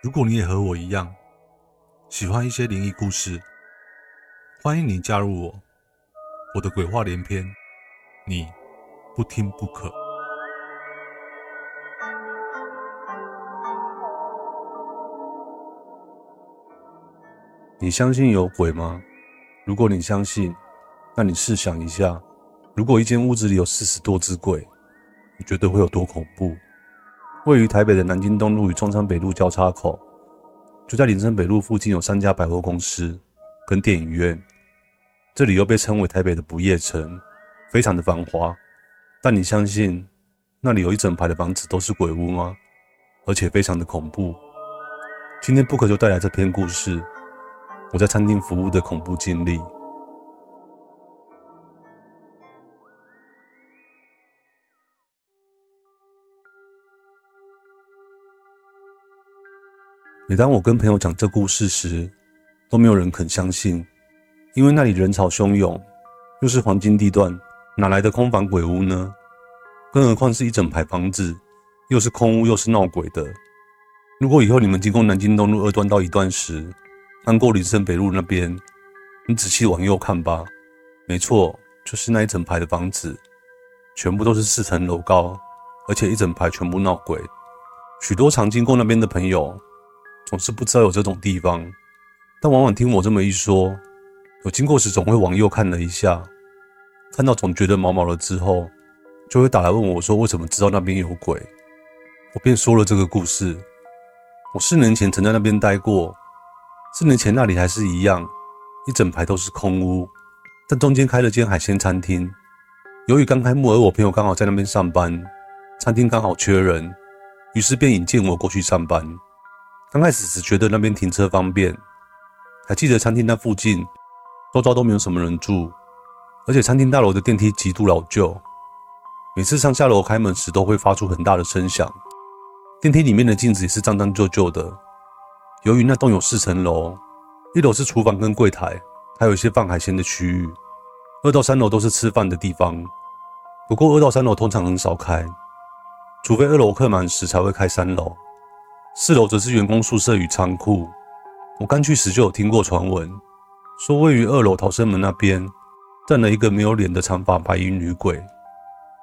如果你也和我一樣喜歡一些靈異故事，歡迎你加入我。我的鬼話連篇，你不聽不可。你相信有鬼嗎？如果你相信，那你試想一下，如果一間屋子裡有四十多隻鬼，你覺得會有多恐怖？位於台北的南京東路與中山北路交叉口，就在林森北路附近有三家百貨公司跟電影院。這裡又被稱為台北的不夜城，非常的繁華。但你相信那裡有一整排的房子都是鬼屋嗎？而且非常的恐怖。今天 Book 就帶來這篇故事，我在餐廳服務的恐怖經歷。每當我跟朋友講這故事時，都沒有人肯相信，因為那裡人潮洶湧，又是黃金地段，哪來的空房鬼屋呢？更何況是一整排房子，又是空屋又是鬧鬼的。如果以後你們經過南京東路二段到一段時，翻過林森北路那邊，你仔細往右看吧，沒錯，就是那一整排的房子，全部都是四層樓高，而且一整排全部鬧鬼。許多常經過那邊的朋友，總是不知道有這種地方，但往往聽我這麼一說，我經過時總會往右看了一下，看到總覺得毛毛了之後，就會打來問我，說為什麼知道那邊有鬼。我便說了這個故事。我四年前曾在那邊待過，四年前那裡還是一樣，一整排都是空屋，但中間開了間海鮮餐廳。由於剛開幕，而我朋友剛好在那邊上班，餐廳剛好缺人，於是便引薦我過去上班。剛開始只覺得那邊停車方便，還記得餐廳那附近，周遭都沒有什麼人住，而且餐廳大樓的電梯極度老舊，每次上下樓開門時都會發出很大的聲響。電梯裡面的鏡子也是髒髒舊舊的。由於那棟有四層樓，一樓是廚房跟櫃檯，還有一些放海鮮的區域，二到三樓都是吃飯的地方，不過二到三樓通常很少開，除非二樓客滿時才會開三樓。四樓則是員工宿舍與倉庫。我剛去時就有聽過傳聞，說位於二樓逃生門那邊站了一個沒有臉的長髮白衣女鬼，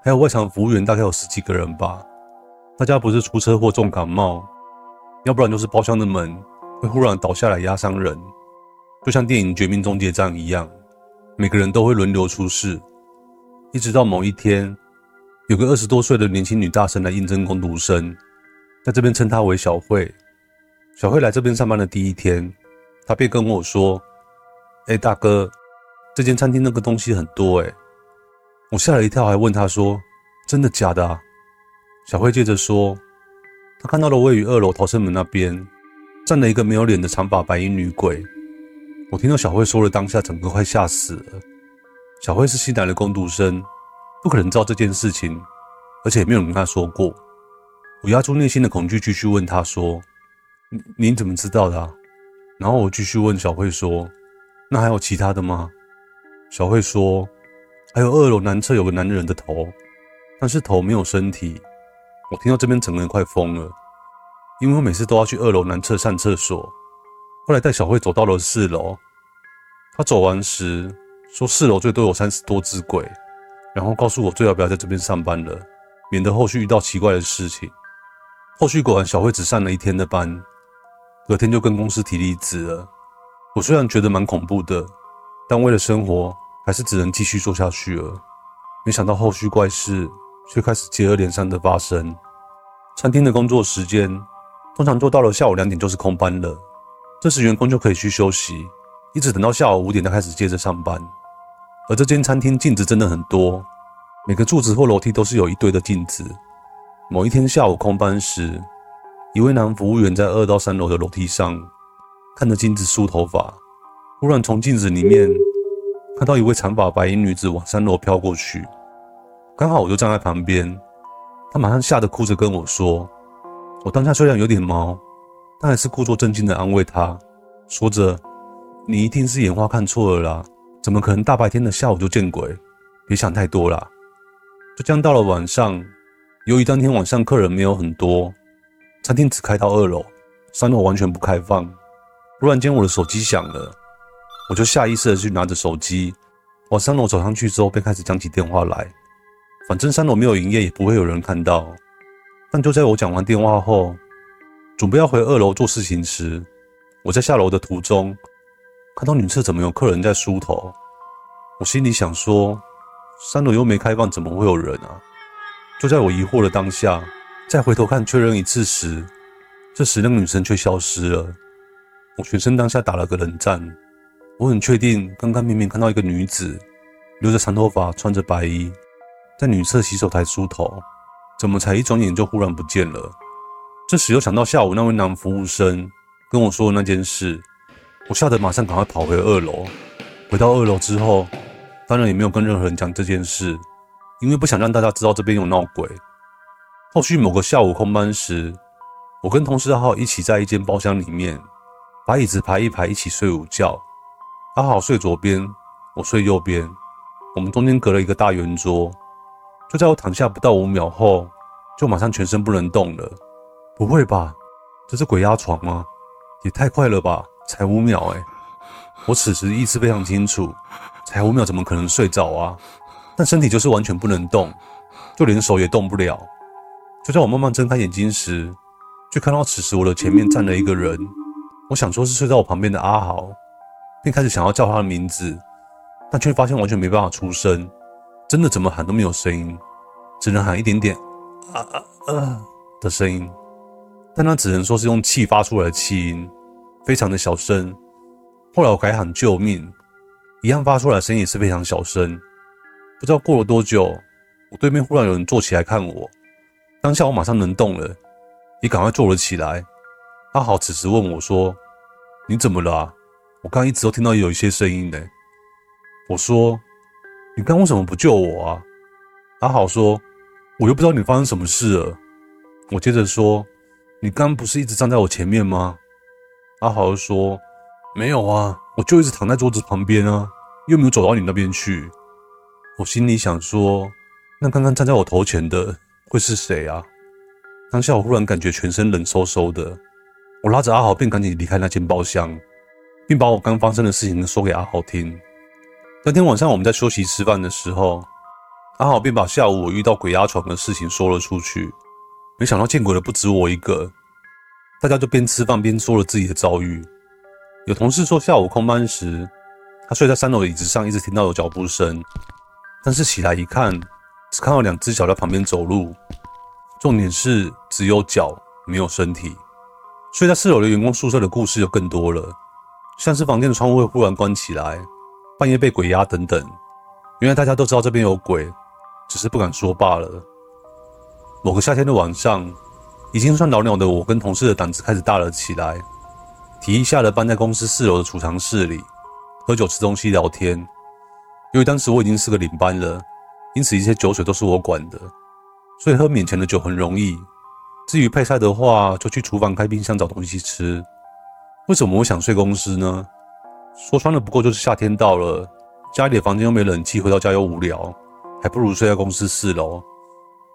還有外場服務員大概有十幾個人吧。大家不是出車禍、重感冒，要不然就是包廂的門會忽然倒下來壓傷人，就像電影《絕命終結站》一樣，每個人都會輪流出事，一直到某一天，有個二十多歲的年輕女大生來應徵工讀生。在這邊稱她為小慧。小慧來這邊上班的第一天，她便跟我說：“哎，欸、大哥，這間餐廳那個東西很多誒、欸。我嚇了一跳，還問她說：“真的假的啊？”小慧接着說：“她看到了位於二樓逃生門那邊，站了一個沒有臉的長髮白衣女鬼。”我聽到小慧說了當下，整個快嚇死了。小慧是新來的工讀生，不可能知道這件事情，而且也沒有跟她說過。我壓住內心的恐懼，繼續問他說：“您怎麼知道的啊？”然後我繼續問小慧說：“那還有其他的嗎？”小慧說：“還有二樓南側有個男人的頭，但是頭沒有身體。”我聽到這邊整個人快瘋了，因為我每次都要去二樓南側上廁所。後來帶小慧走到了四樓，她走完時說：“四樓最多有三十多隻鬼。”然後告訴我最好不要在這邊上班了，免得後續遇到奇怪的事情。後續果然，小慧只上了一天的班，隔天就跟公司提離職了。我雖然覺得蠻恐怖的，但為了生活，還是只能繼續做下去了。沒想到後續怪事卻開始接二連三的發生。餐廳的工作時間通常做到了下午兩點就是空班了，這時員工就可以去休息，一直等到下午五點再開始接着上班。而這間餐廳鏡子真的很多，每個柱子或樓梯都是有一堆的鏡子。某一天下午空班時，一位男服務員在二到三樓的樓梯上看着鏡子梳頭髮，忽然從鏡子裡面看到一位長髮白衣女子往三樓飄過去。剛好我就站在旁邊，他馬上嚇得哭着跟我說：“我當下雖然有點毛，但還是故作鎮靜地安慰他，說着：‘你一定是眼花看錯了啦，怎麼可能大白天的下午就見鬼？別想太多啦。’就這樣到了晚上。”由於當天晚上客人沒有很多，餐廳只開到二樓，三樓完全不開放。忽然間，我的手機響了，我就下意識的去拿着手機往三樓走上去之後，便開始講起電話來。反正三樓沒有營業，也不會有人看到。但就在我講完電話後，準備要回二樓做事情時，我在下樓的途中看到女廁怎麼有客人在梳頭。我心裡想說，三樓又沒開放，怎麼會有人啊？就在我疑惑的當下，再回頭看確認一次時，這時那個女生卻消失了。我全身當下打了個冷戰。我很確定，剛剛明明看到一個女子，留着長頭髮，穿着白衣，在女廁洗手台梳頭，怎麼才一轉眼就忽然不見了？這時又想到下午那位男服務生跟我說的那件事，我嚇得馬上趕快跑回二樓。回到二樓之後，當然也沒有跟任何人講這件事。因為不想讓大家知道這邊有鬧鬼。後續某個下午空班時，我跟同事阿浩一起在一間包廂裡面，把椅子排一排一起睡午覺。阿浩睡左邊，我睡右邊，我們中間隔了一個大圓桌。就在我躺下不到五秒後，就馬上全身不能動了。不會吧？這是鬼壓床嗎、啊？也太快了吧！才五秒哎、欸！我此時意識非常清楚，才五秒怎麼可能睡着啊？但身體就是完全不能動，就連手也動不了。就在我慢慢睜開眼睛時，就看到此時我的前面站了一個人。我想說，是睡在我旁邊的阿豪，便開始想要叫他的名字，但卻發現完全沒辦法出聲，真的怎麼喊都沒有聲音，只能喊一點點“啊啊啊”的聲音。但那只能說是用氣發出來的氣音，非常的小聲。後來我改喊救命，一樣發出來的聲音也是非常小聲。不知道過了多久，我對面忽然有人坐起來看我。當下我馬上能動了，也趕快坐了起來。阿豪此時問我說：“你怎麼了啊？”我剛一直都聽到有一些聲音的欸。我說：“你剛為什麼不救我啊？”阿豪說：“我又不知道你發生什麼事了。”我接着說：“你剛不是一直站在我前面嗎？”阿豪又說：“沒有啊，我就一直躺在桌子旁邊啊，又沒有走到你那邊去。”我心裡想說：“那剛剛站在我頭前的會是誰啊？”當下我忽然感覺全身冷颼颼的，我拉着阿豪便趕緊離開那間包廂，並把我剛發生的事情說給阿豪聽。當天晚上我們在休息吃飯的時候，阿豪便把下午我遇到鬼壓床的事情說了出去。沒想到見鬼的不止我一個，大家就邊吃飯邊說了自己的遭遇。有同事說下午空班時，他睡在三樓的椅子上，一直聽到有腳步聲。但是起來一看，只看到兩隻腳在旁邊走路，重點是只有腳，沒有身體，所以在四樓的員工宿舍的故事就更多了，像是房間的窗戶會忽然關起來，半夜被鬼壓等等。原來大家都知道這邊有鬼，只是不敢說罷了。某個夏天的晚上，已經算老鳥的我跟同事的膽子開始大了起來，提議下了班在公司四樓的儲藏室裡喝酒、吃東西、聊天。由於當時我已經是個領班了，因此一些酒水都是我管的，所以喝面前的酒很容易。至於配菜的話，就去廚房開冰箱找東西吃。為什麼我想睡公司呢？說穿了，不過就是夏天到了，家裡的房間又沒冷氣，回到家又無聊，還不如睡在公司四樓，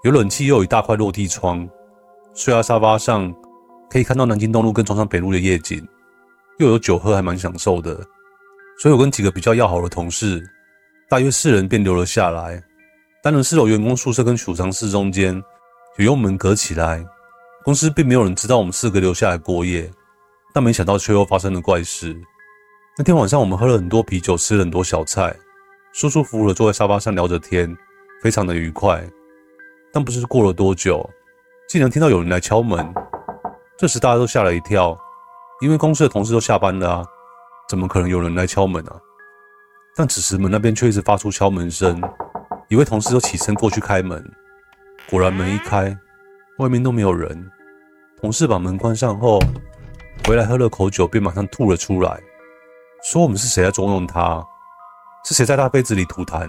有冷氣又有一大塊落地窗，睡在沙發上可以看到南京東路跟中山北路的夜景，又有酒喝，還蠻享受的。所以我跟幾個比較要好的同事。大約四人便留了下來。單人四樓員工宿舍跟儲藏室中間，有用門隔起來。公司並沒有人知道我們四個留下來過夜，但沒想到卻又發生了怪事。那天晚上，我們喝了很多啤酒，吃了很多小菜，舒舒服服的坐在沙發上聊着天，非常的愉快。但不知過了多久，竟然聽到有人來敲門。這時大家都嚇了一跳，因為公司的同事都下班了啊，怎麼可能有人來敲門呢、啊？但此時門那邊却一直發出敲門聲，一位同事就起身過去開門，果然門一開，外面都沒有人。同事把門關上後，回來喝了口酒，便馬上吐了出來，說：“我們是誰在捉弄他？是誰在他杯子裡吐痰？”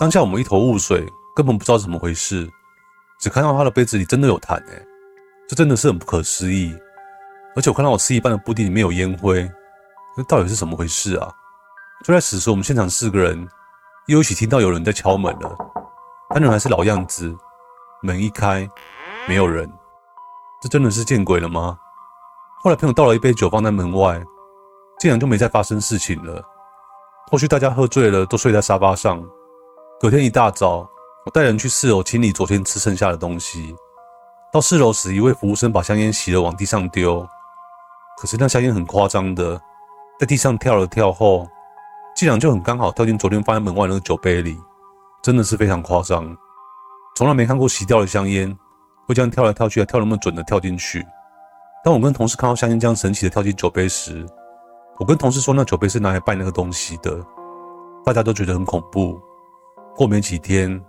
當下我們一頭霧水，根本不知道是怎麼回事，只看到他的杯子裡真的有痰。欸，誒，這真的是很不可思議。而且我看到我吃一半的布丁裡面有菸灰，那到底是怎麼回事啊？就在此時，我們現場四個人又一起聽到有人在敲門了。但仍然還是老樣子，門一開，沒有人。這真的是見鬼了嗎？後來朋友倒了一杯酒放在門外，竟然就沒再發生事情了。後續大家喝醉了，都睡在沙發上。隔天一大早，我帶人去四樓清理昨天吃剩下的東西。到四樓時，一位服務生把香煙洗了，往地上丟。可是那香煙很誇張的，在地上跳了跳後。竟然就很剛好跳進昨天放在門外那個酒杯裡，真的是非常誇張。從來沒看過吸掉的香菸會這樣跳來跳去，還跳那麼準的跳進去。當我跟同事看到香菸這樣神奇的跳進酒杯時，我跟同事說那酒杯是拿來拜那個東西的。大家都覺得很恐怖。過沒幾天，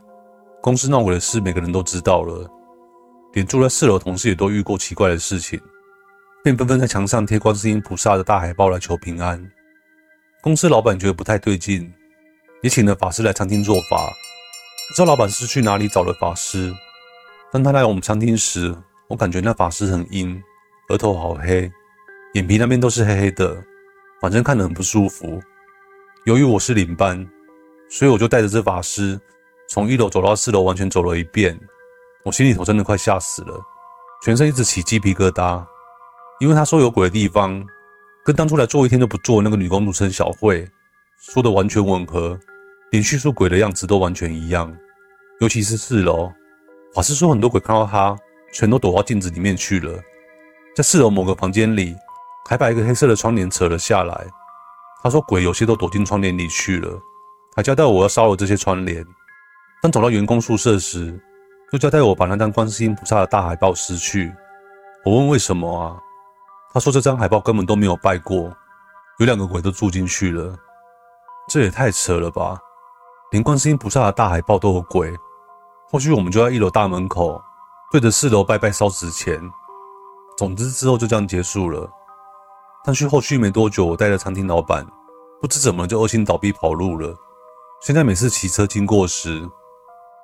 公司鬧鬼的事每個人都知道了，連住在四樓的同事也都遇過奇怪的事情，便紛紛在牆上貼觀世音菩薩的大海報來求平安。公司老闆覺得不太對勁，也請了法師來餐廳做法。不知道老闆是去哪裡找的法師，當他來我們餐廳時，我感覺那法師很陰，額頭好黑，眼皮那邊都是黑黑的，反正看得很不舒服。由於我是領班，所以我就帶着這法師從一樓走到四樓，完全走了一遍。我心裡頭真的快嚇死了，全身一直起雞皮疙瘩，因為他說有鬼的地方。跟當初來做一天都不做那個女工讀生小慧說的完全吻合，連敘述鬼的樣子都完全一樣，尤其是四樓，法師說很多鬼看到他全都躲到鏡子裡面去了，在四樓某個房間裡還把一個黑色的窗簾扯了下來，他說鬼有些都躲進窗簾裡去了，還交代我要燒了這些窗簾。當走到員工宿舍時，就交代我把那張觀世音菩薩的大海報撕去。我問為什麼啊？他說：“這張海報根本都沒有拜過，有兩個鬼都住進去了，這也太扯了吧！連觀世音菩薩的大海報都有鬼。後續我們就在一樓大門口對着四樓拜拜燒紙錢，總之之後就這樣結束了。但是後續沒多久，我帶着餐廳老闆，不知怎麼就惡性倒閉跑路了。現在每次騎車經過時，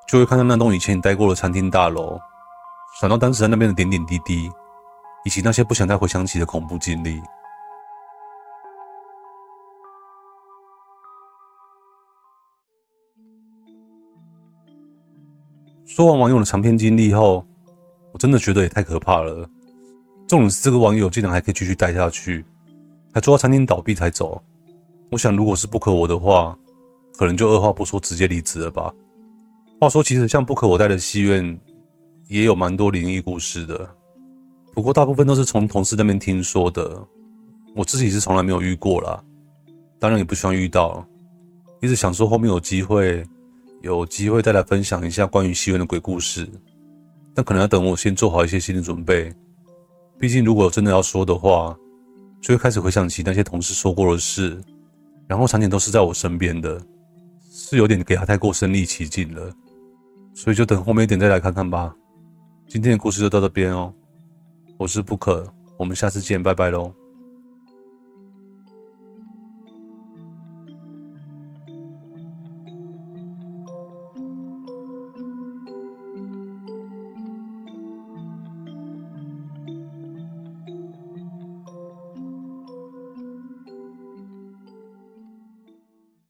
就會看到那棟以前你待過的餐廳大樓，想到當時在那邊的點點滴滴。”以及那些不想再回想起的恐怖經歷。說完網友的長篇經歷後，我真的覺得也太可怕了。重點是這個網友竟然還可以繼續待下去，還做到餐廳倒閉才走。我想，如果是不可我的話，可能就二話不說直接離職了吧。話說，其實像不可我待的戲院，也有蠻多靈異故事的。不過大部分都是從同事那邊聽說的，我自己是從來沒有遇過啦，當然也不希望遇到。一直想說後面有機會，有機會再來分享一下關於西園的鬼故事，但可能要等我先做好一些心理準備。畢竟如果真的要說的話，就會開始回想起那些同事說過的事，然後場景都是在我身邊的，是有點給他太過身臨其境了，所以就等後面一點再來看看吧。今天的故事就到這邊哦。我是 Book，我們下次見，拜拜嘍。